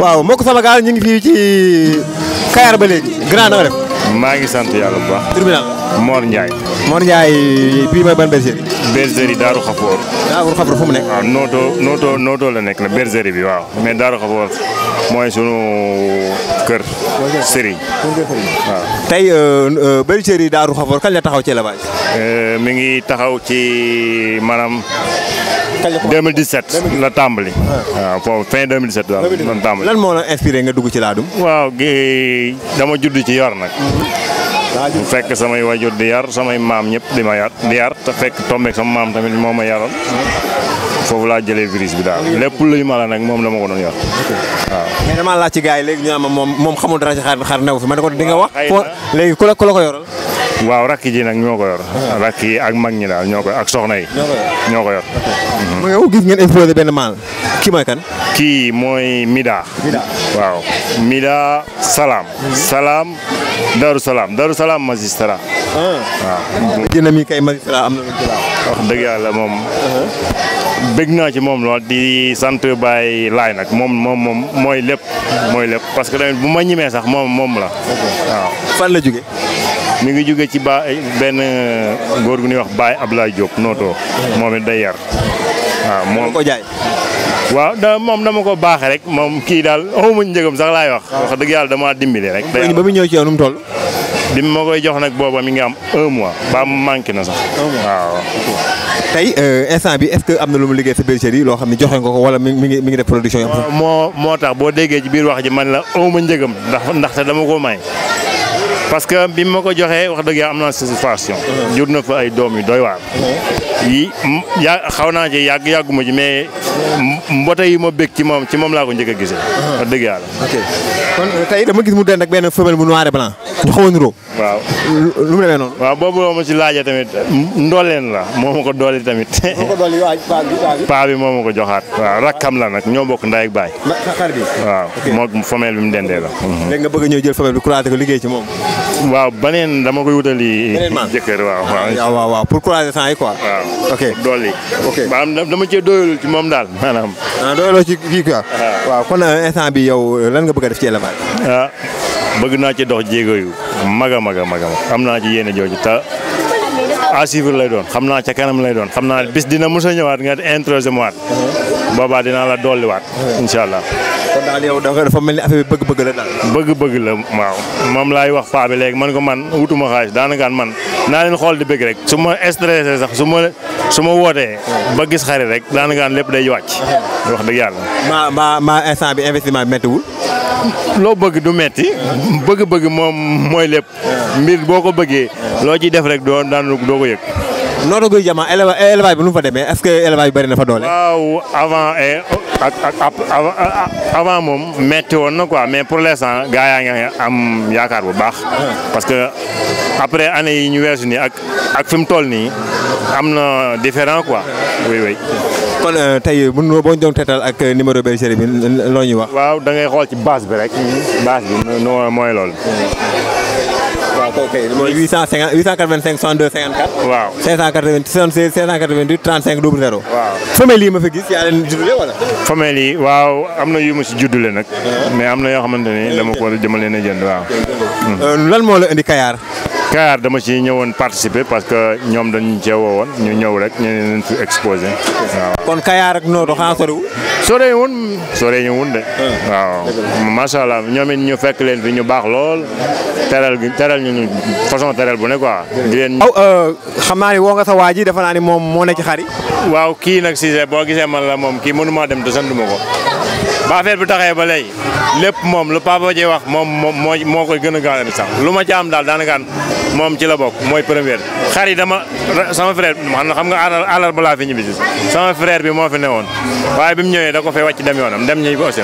waaw mbokk sama gaal ñu ngi fii ci Kayar ba léegi grand na nga def. maa ngi sant yàlla bu baax. Mor Ndiaye. Mor Ndiaye bii mooy ban bergerie. bergerie Daaru Xafoor. Daaru Xafoor fu mu nekk. waaw ah, nootoo nootoo la nekk la bergerie bi waaw mais Daaru Xafoor mooy sunu kër. Serigne waaw. tey euh, euh, bergerie Daaru Xafoor kañ la taxaw ci élevage. Euh, mi ngi taxaw ci maanaam. 2017 la tàmbali. waaw foofu fin 2017 la tàmbali. lan moo la inspiré nga dugg ci laadum. waaw gi dama judd ci yor nag. Mhm. mu fekk samay wajur di yar samay maam ñëpp di ma yar di yar te fekk tombeek sama maam tamit moo ma yaroon foofu laa jëlee virus bi daal lépp luy mala nag moom dama ko doon yor waaw. mais damaa laaj ci gars yi léegi ñu naan moom moom xamul dara ci xar new fi ma ko di nga wax. léegi ku la ko yoral. waaw rakk ji nag ñoo ko yor. rakk yi ak mag ñi daal ñoo ko ak soxna yi. ñoo ko yor ma mhm. nga gis ngeen exposé benn maal kii mooy kan. kii mooy Mida. Mida waaw Mida Salaam. Mhm. Salaam Darou Salaam Darou Salaam magistrat. Ah. kay magistrat am na lu ci laaw. wax yàlla moom. Uh-huh. bëgg naa ci moom lool di sant Baye Laay nag moom moom moom mooy lépp. mooy lépp parce que tamit sax moom moom la. waaw fan la jóge mi ngi jóge ci ba benn góor gu ñuy wax baay Baye Abdoulaye Diop nootoo moom it day yar waaw moom ko jaay waaw da moom dama ko baaxee rek moom kii daal awma njëgam sax laay wax wax yàlla dama dimbali rek ba mu ñëw ci yow mu toll bi ma koy jox nag booba mi ngi am mois ba mu na sax waaw tey euh, instant bi est-ce que am na lu mu liggéey loo xam ne joxe nga ko wala mi ngi mi ngi def production yi moo moo tax boo déggee ci biir wax ji man la awma njëgam ndax ndaxte dama ko may parce que bi ma ko joxee wax dëgg yàlla am naa satisfaction. jur na fa ay doom yu doy waar. yi xaw naa ci yàgg yàgguma ci mais mbote yi ma bég ci moom ci moom laa ko njëkk a gisee. Uh-huh. wax dëgg yàlla. ok kon uh, tey dama gis mu den benn femelle bu noir et blanc. ñu xaw a niroo. waaw lu mu demee noonu. waaw boobu moo ma ci laajee tamit ndooleen la moo ma ko dooli tamit. moo ko paa bi moo ma ko joxaat. waaw rakkam la nag ñoo bokk ndaay ak baay. xar bi bi mu dendee la. léegi nga bëgg a ñëw jël femelle bi ci moom. waaw beneen dama koy wutali. jëkkër waaw ah, waaw. waaw waaw pour croiser temps yi quoi. waaw ok dolli. ok dama cee doyalul ci moom daal maanaam. ah doyaloo ci kii ah. waaw kon euh, instant bi yow euh, lan nga bëgg def ci élevage. ah bëgg naa ci dox jéego yu mag a mag a am naa ci yéene jooju à lay doon xamna naa ca kanam lay doon xamna bis dina musa ñewat nga introsé waat uh-huh. baba dina la doli wat uh-huh. inshallah kon dal yow da nga dafa melni affaire beug beug la dal beug beug la waaw mom lay wax paa bi leg man ko man wutuma xaj da daanakaan man na len xol di beug rek suma stressé sax suma suma wote uh-huh. ba gis xari rek da daanakaan lepp day wàcc wax deug yalla ma ma ma instant bi investissement metti wul lo bëgg du metti bëgg-bëgg mom moy lepp mbir boko ko lo ci def rek do dan do ko yëg. noota guy jamono élevage bi nu mu fa demee est-ce que élevage bi bëri na fa doole. waaw avant eh, ak ak avant moom metti woon na quoi mais pour l'instant gars yaa ngi am yakar bu baax. parce que après année yi ñu weesu ak ak fi mu toll nii am na différent quoi oui oui. kon euh, tey bu ñu boo ñu doon teetal ak numéro bergerie bi loo ñuy wax. waaw da ngay xool ci base bi rek. base bi mooy loolu. ko kay mooy 850 885 62 54. waaw 580 76 588 35 00. waaw famille yi ma fa gis yaa leen juddule wala. famille yi waaw am na yu ma si juddule nag. Uh-huh. mais am na yoo xamante ne dama ko war a jëmale na jënd waaw. Euh, lan moo la indi Kayar. Kayar dama ci ñëwoon participer parce que ñoom dañu cee woowoon ñu ñëw rek ñu ne leen fi exposé waaw. kon Kayar ak Nooto xanaa soriwul. soriwul soriwul de. Ah. waaw macha allah ñoom it ñu fekk leen fi ñu baax lool teral gi teral ñu façon teral bu ne quoi. di leen waaw euh, xam naa ne woo nga sa waa ji dafa naa ni moom moo nekk ci xari waaw kii nag Cissé boo gisee man la moom kii mënuma dem te santuma ko. ba affaire bi taxee ba léegi lépp moom lu Papa Dieye wax moom moo moo koy gën a gaaw sax lu ma daal daanaka moom ci la bokk mooy première xar dama sama frère xam nga àllarba laa fi ñibbisi sama frère bi moo fi newoon waaye bi mu ñëwee da ko fay wàcc dem yoonam dem ñëw ba aussi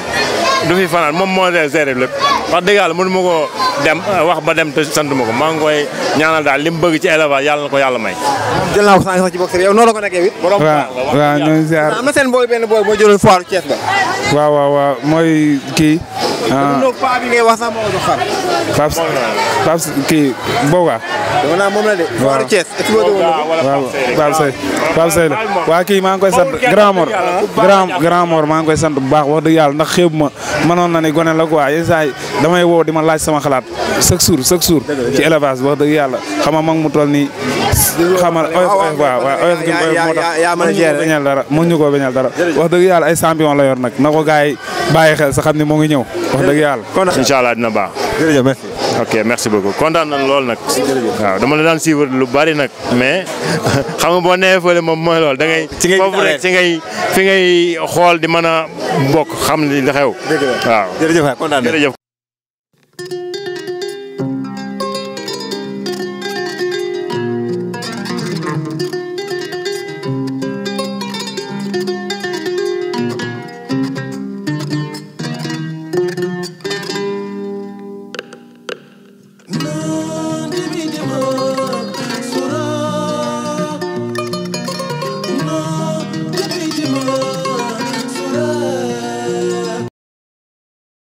du fi fanaan moom moo géré lépp wax dëgg yàlla ma ko dem wax ba dem te ko maa koy ñaanal daal li mu bëgg ci élevage yàlla na ko yàlla may. jël naa ko sànq sax ci boxeur yow la ko nekkee it. borom waaw waaw ñu ziar waaw mooy kii waaw ah. paa bi ngay wax sax moo xam. Pape Pape kii maa ngi koy sant grand mor. grand grand maa ngi koy sant bu baax wax dëgg yàlla ndax xeeb ma mënoon na ni gone la quoi yenn saa yi damay woo di ma laaj sama xalaat chaque jour chaque jour. ci élevage wax dëgg yàlla xam nga mag mu toll nii. xamal oyof oyof waaw waaw oyof gi moo tax. yaa yaa mën a gérer mënuñu ko bañal dara. wax dëgg yàlla ay champion la yor nag na ko bàyyi xel sa xam ni moo ngi ñëw wax dëgg yàlla. incha allah dina baax. jërëjëf merci. merci beaucoup kontaan nañ lool nag. waaw dama la daan suivre lu bari nag. mais xam nga boo nee fële moom mooy lool da ngay. ci ngay foofu rek ci ngay fi ngay xool di mën a bokk xam li xew. waaw No.